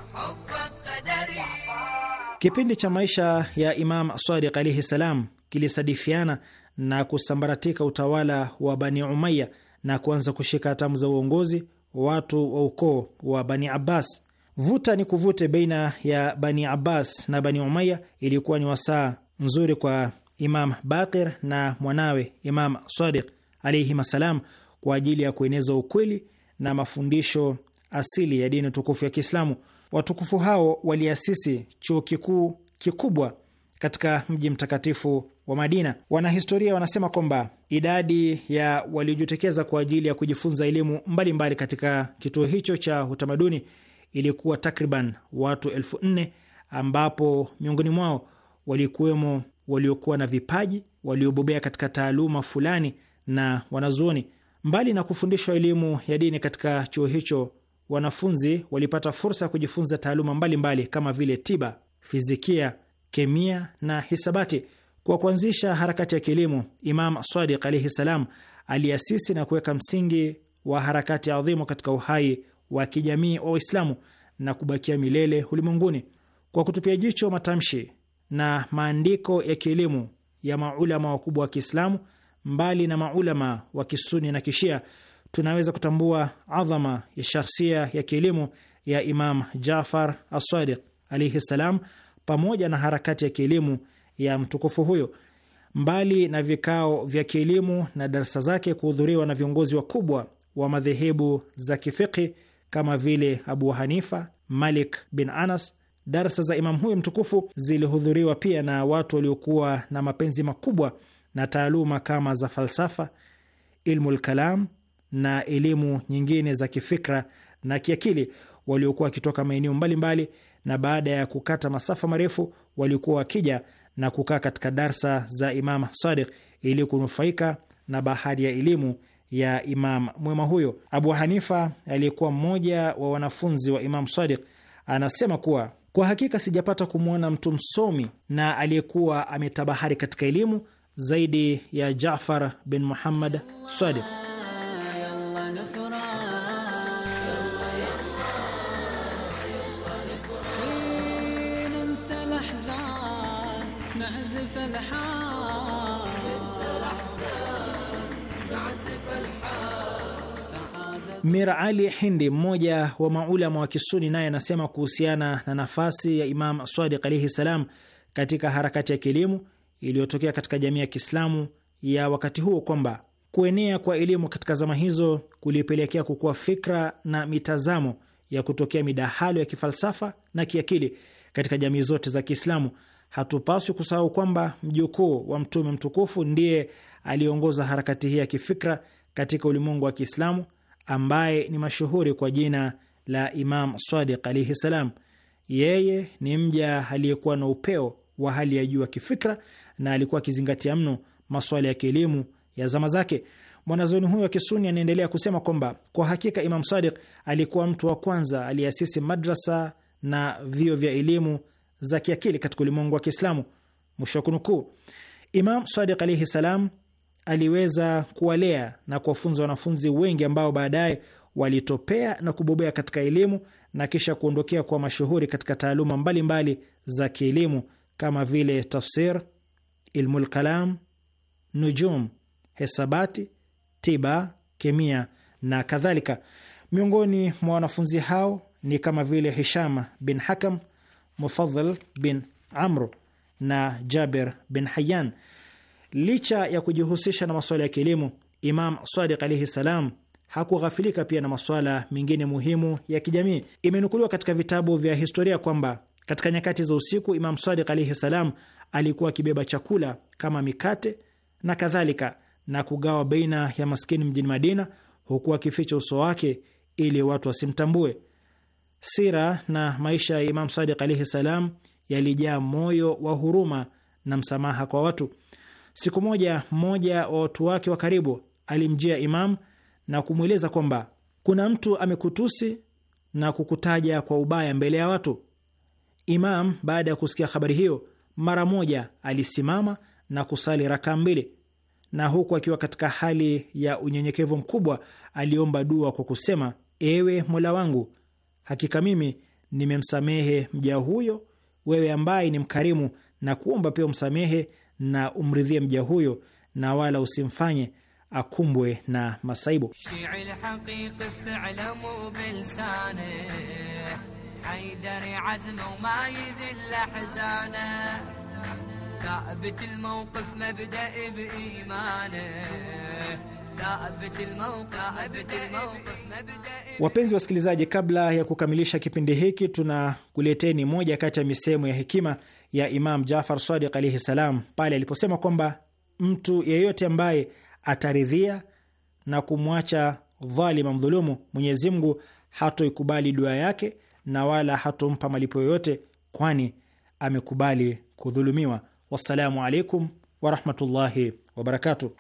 Kipindi cha maisha ya Imam Sadiq alaihi salam kilisadifiana na kusambaratika utawala wa Bani Umaya na kuanza kushika hatamu za uongozi watu wa ukoo wa Bani Abbas. Vuta ni kuvute baina ya Bani Abbas na Bani Umaya ilikuwa ni wasaa nzuri kwa Imam Bakir na mwanawe Imam Sadiq alaihim assalam kwa ajili ya kueneza ukweli na mafundisho asili ya dini tukufu ya Kiislamu. Watukufu hao waliasisi chuo kikuu kikubwa katika mji mtakatifu wa Madina. Wanahistoria wanasema kwamba idadi ya waliojitokeza kwa ajili ya kujifunza elimu mbalimbali katika kituo hicho cha utamaduni ilikuwa takriban watu elfu nne ambapo miongoni mwao walikuwemo waliokuwa na vipaji, waliobobea katika taaluma fulani na wanazuoni. Mbali na kufundishwa elimu ya dini katika chuo hicho, wanafunzi walipata fursa ya kujifunza taaluma mbalimbali mbali kama vile tiba, fizikia, kemia na hisabati. Kwa kuanzisha harakati ya kielimu, Imam Sadiq alaihi salam aliasisi na kuweka msingi wa harakati adhimu katika uhai wa kijamii wa Waislamu na kubakia milele ulimwenguni. Kwa kutupia jicho matamshi na maandiko ya kielimu ya maulama wakubwa wa Kiislamu mbali na maulama wa kisuni na kishia, tunaweza kutambua adhama ya shakhsia ya kielimu ya Imam Jafar Asadiq alaihi ssalam, pamoja na harakati ya kielimu ya mtukufu huyo. Mbali na vikao vya kielimu na darsa zake kuhudhuriwa na viongozi wakubwa wa, madhehebu za kifiqhi kama vile Abu Hanifa, Malik bin Anas, darsa za Imam huyo mtukufu zilihudhuriwa pia na watu waliokuwa na mapenzi makubwa na taaluma kama za falsafa, ilmu lkalam na elimu nyingine za kifikra na kiakili waliokuwa wakitoka maeneo mbalimbali, na baada ya kukata masafa marefu walikuwa wakija na kukaa katika darsa za Imam Sadiq ili kunufaika na bahari ya elimu ya Imam mwema huyo. Abu Hanifa aliyekuwa mmoja wa wanafunzi wa Imam Sadiq anasema kuwa kwa hakika sijapata kumwona mtu msomi na aliyekuwa ametabahari katika elimu zaidi ya Jafar bin Muhammad Swadiq. Mir Ali Hindi, mmoja wa maulama wa Kisuni, naye anasema kuhusiana na nafasi ya Imam Sadiq alaihi salam katika harakati ya kielimu iliyotokea katika jamii ya Kiislamu ya wakati huo kwamba kuenea kwa elimu katika zama hizo kulipelekea kukua fikra na mitazamo ya kutokea midahalo ya kifalsafa na kiakili katika jamii zote za Kiislamu. Hatupaswi kusahau kwamba mjukuu wa Mtume mtukufu ndiye aliongoza harakati hii ya kifikra katika ulimwengu wa Kiislamu, ambaye ni mashuhuri kwa jina la Imam Sadiq alaihi salam. Yeye ni mja aliyekuwa na upeo wa hali ya juu ya kifikra na alikuwa akizingatia mno masuala ya kielimu ya zama zake. Mwanazoni huyo wa Kisuni anaendelea kusema kwamba kwa hakika Imam Sadiq alikuwa mtu wa kwanza aliyeasisi madrasa na vio vya elimu za kiakili katika ulimwengu wa Kiislamu. Mwisho wa kunukuu. Imam Sadiq alaihi salam aliweza kuwalea na kuwafunza wanafunzi wengi ambao baadaye walitopea na kubobea katika elimu na kisha kuondokea kuwa mashuhuri katika taaluma mbalimbali mbali za kielimu kama vile tafsir ilmul kalam, nujum, hesabati, tiba, kemia na kadhalika. Miongoni mwa wanafunzi hao ni kama vile Hishama bin Hakam, Mufadhal bin Amru na Jaber bin Hayyan. Licha ya kujihusisha na masuala ya kielimu, Imam Sadiq alaihi salam hakughafilika pia na masuala mengine muhimu ya kijamii. Imenukuliwa katika vitabu vya historia kwamba katika nyakati za usiku Imam Sadiq alaihi salam alikuwa akibeba chakula kama mikate na kadhalika na kugawa baina ya maskini mjini Madina, huku akificha uso wake ili watu wasimtambue. Sira na maisha ya Imam Sadiq alaihi salam yalijaa moyo wa huruma na msamaha kwa watu. Siku moja, mmoja wa watu wake wa karibu alimjia Imam na kumweleza kwamba kuna mtu amekutusi na kukutaja kwa ubaya mbele ya watu. Imam baada ya kusikia habari hiyo mara moja alisimama na kusali rakaa mbili, na huku akiwa katika hali ya unyenyekevu mkubwa aliomba dua kwa kusema: ewe Mola wangu, hakika mimi nimemsamehe mja huyo, wewe ambaye ni mkarimu, na kuomba pia umsamehe na umridhie mja huyo, na wala usimfanye akumbwe na masaibu. حيدر عزم وما يذل حزانه ثابت الموقف مبدا بايمانه Wapenzi wasikilizaji, kabla ya kukamilisha kipindi hiki, tunakuleteni moja kati ya misemo ya hekima ya Imam Jafar Sadiq alaihi salam pale aliposema kwamba mtu yeyote ambaye ataridhia na kumwacha dhalima mdhulumu, Mwenyezi Mungu hatoikubali dua yake na wala hatompa malipo yoyote, kwani amekubali kudhulumiwa. Wassalamu alaikum warahmatullahi wabarakatuh.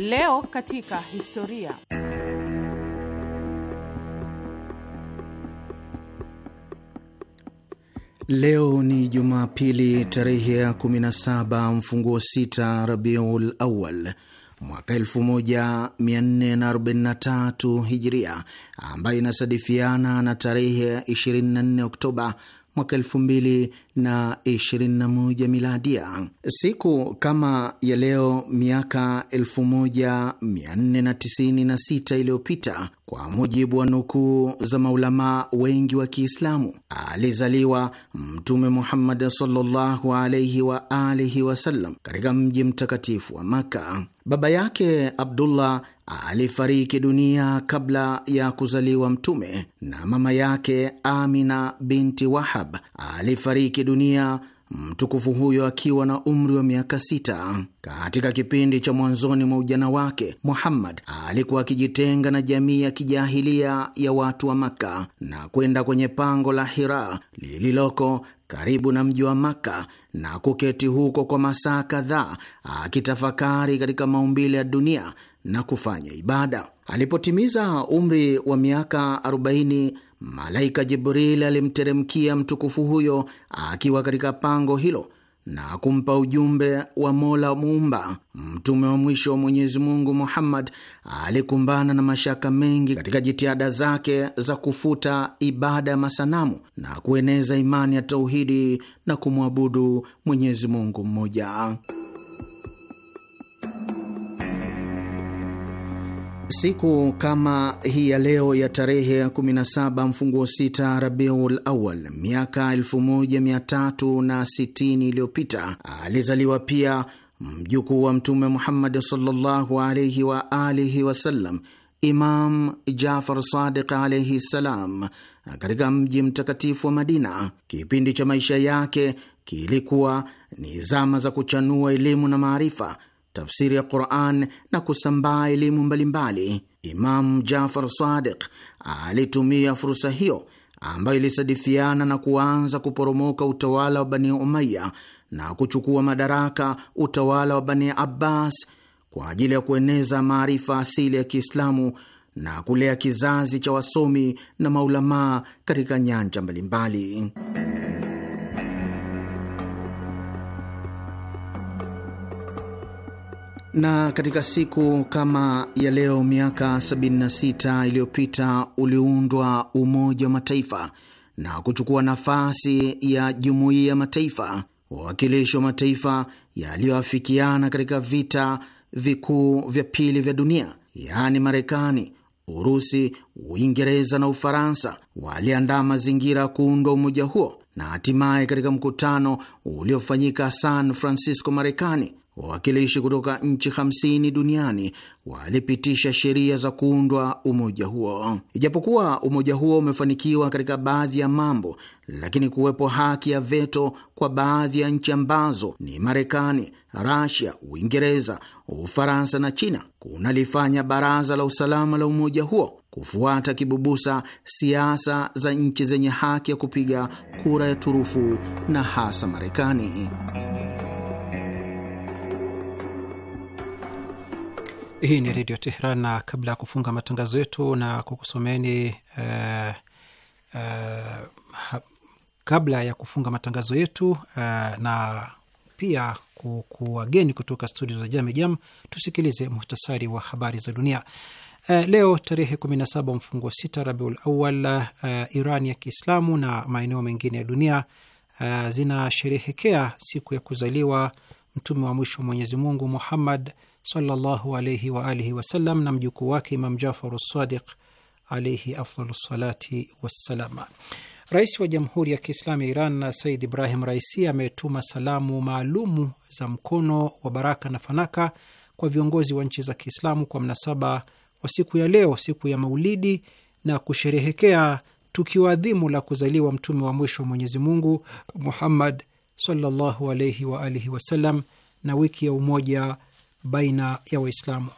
Leo katika historia. Leo ni Jumapili tarehe ya 17 mfunguo 6 Rabiul Awal mwaka 1443 Hijria, ambayo inasadifiana na tarehe ya 24 Oktoba mwaka miladia. Siku kama ya leo miaka 1496 iliyopita, kwa mujibu wa nukuu za maulamaa wengi wa Kiislamu, alizaliwa Mtume Muhammad sallallahu alaihi wa alihi wasallam katika mji mtakatifu wa makka Baba yake Abdullah alifariki dunia kabla ya kuzaliwa Mtume, na mama yake Amina binti Wahab alifariki dunia mtukufu huyo akiwa na umri wa miaka sita. Katika kipindi cha mwanzoni mwa ujana wake, Muhammad alikuwa akijitenga na jamii ya kijahilia ya watu wa Makka na kwenda kwenye pango la Hira lililoko karibu na mji wa Makka na kuketi huko kwa masaa kadhaa akitafakari katika maumbile ya dunia na kufanya ibada. Alipotimiza umri wa miaka 40, malaika Jibril alimteremkia mtukufu huyo akiwa katika pango hilo na kumpa ujumbe wa Mola Muumba. Mtume wa mwisho wa Mwenyezi Mungu Muhammad alikumbana na mashaka mengi katika jitihada zake za kufuta ibada ya masanamu na kueneza imani ya tauhidi na kumwabudu Mwenyezi Mungu mmoja. Siku kama hii ya leo ya tarehe 17 mfunguo 6 Rabiul Awal miaka 1360 iliyopita alizaliwa pia mjukuu wa Mtume Muhammad sallallahu alaihi wa alihi wasallam, Imam Jafar Sadiq alaihi ssalam, katika mji mtakatifu wa Madina. Kipindi cha maisha yake kilikuwa ni zama za kuchanua elimu na maarifa tafsiri ya Quran na kusambaa elimu mbalimbali. imam Jafar Sadiq alitumia fursa hiyo ambayo ilisadifiana na kuanza kuporomoka utawala wa Bani Umaya na kuchukua madaraka utawala wa Bani Abbas kwa ajili ya kueneza maarifa asili ya Kiislamu na kulea kizazi cha wasomi na maulamaa katika nyanja mbalimbali. Na katika siku kama ya leo miaka 76 iliyopita uliundwa Umoja wa Mataifa na kuchukua nafasi ya Jumuiya ya Mataifa, wawakilishi wa mataifa yaliyoafikiana katika vita vikuu vya pili vya dunia, yaani Marekani, Urusi, Uingereza na Ufaransa waliandaa mazingira ya kuundwa umoja huo, na hatimaye katika mkutano uliofanyika San Francisco, Marekani, wawakilishi kutoka nchi 50 duniani walipitisha sheria za kuundwa umoja huo. Ijapokuwa umoja huo umefanikiwa katika baadhi ya mambo, lakini kuwepo haki ya veto kwa baadhi ya nchi ambazo ni Marekani, Rasia, Uingereza, Ufaransa na China kunalifanya baraza la usalama la umoja huo kufuata kibubusa siasa za nchi zenye haki ya kupiga kura ya turufu na hasa Marekani. Hii ni Redio tehran na kabla ya kufunga matangazo yetu na kukusomeni uh, uh, kabla ya kufunga matangazo yetu uh, na pia kuwageni kutoka studio za Jame Jam, tusikilize muhtasari wa habari za dunia. Uh, leo tarehe 17 mfungo 6 Rabiul Awal, uh, Iran ya Kiislamu na maeneo mengine ya dunia uh, zinasherehekea siku ya kuzaliwa mtume wa mwisho wa Mwenyezi Mungu Muhammad sallallahu alaihi wa alihi wasallam na mjukuu wake Imam Jafar Sadiq alaihi afdhalu salati wassalama. Rais wa Jamhuri ya Kiislamu ya Iran na Said Ibrahim Raisi ametuma salamu maalumu za mkono wa baraka na fanaka kwa viongozi wa nchi za Kiislamu kwa mnasaba wa siku ya leo, siku ya Maulidi na kusherehekea tukio adhimu la kuzaliwa mtume wa mwisho wa Mwenyezi Mungu Muhammad sallallahu alaihi wa alihi wasallam na wiki ya umoja baina ya Waislamu.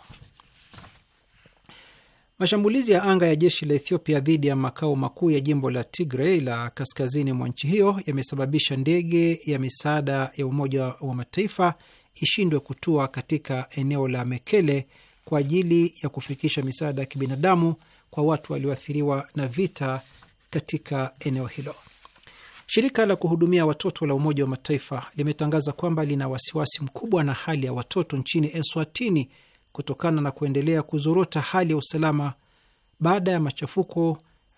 Mashambulizi ya anga ya jeshi la Ethiopia dhidi ya makao makuu ya jimbo la Tigray la kaskazini mwa nchi hiyo yamesababisha ndege ya misaada ya Umoja wa Mataifa ishindwe kutua katika eneo la Mekele kwa ajili ya kufikisha misaada ya kibinadamu kwa watu walioathiriwa na vita katika eneo hilo. Shirika la kuhudumia watoto la Umoja wa Mataifa limetangaza kwamba lina wasiwasi mkubwa na hali ya watoto nchini Eswatini kutokana na kuendelea kuzorota hali ya usalama baada ya machafuko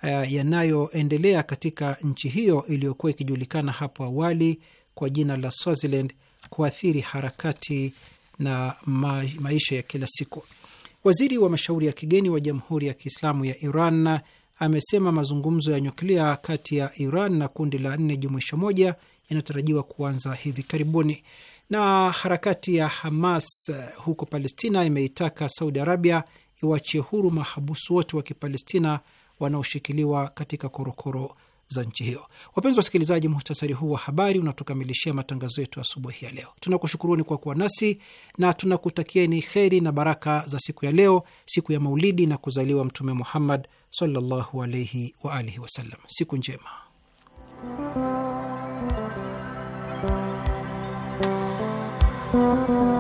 uh, yanayoendelea katika nchi hiyo iliyokuwa ikijulikana hapo awali kwa jina la Swaziland kuathiri harakati na ma maisha ya kila siku. Waziri wa mashauri ya kigeni wa Jamhuri ya Kiislamu ya Iran amesema mazungumzo ya nyuklia kati ya Iran na kundi la nne jumuisho moja yanatarajiwa kuanza hivi karibuni. Na harakati ya Hamas eh, huko Palestina imeitaka Saudi Arabia iwachie huru mahabusu wote wa Kipalestina wanaoshikiliwa katika korokoro za nchi hiyo. Wapenzi wa wasikilizaji, muhtasari huu wa habari unatukamilishia matangazo yetu asubuhi ya leo. Tunakushukuruni kwa kuwa nasi na tunakutakieni kheri na baraka za siku ya leo, siku ya Maulidi na kuzaliwa Mtume Muhammad sallallahu alaihi wa alihi wasallam. Siku njema. Thank you.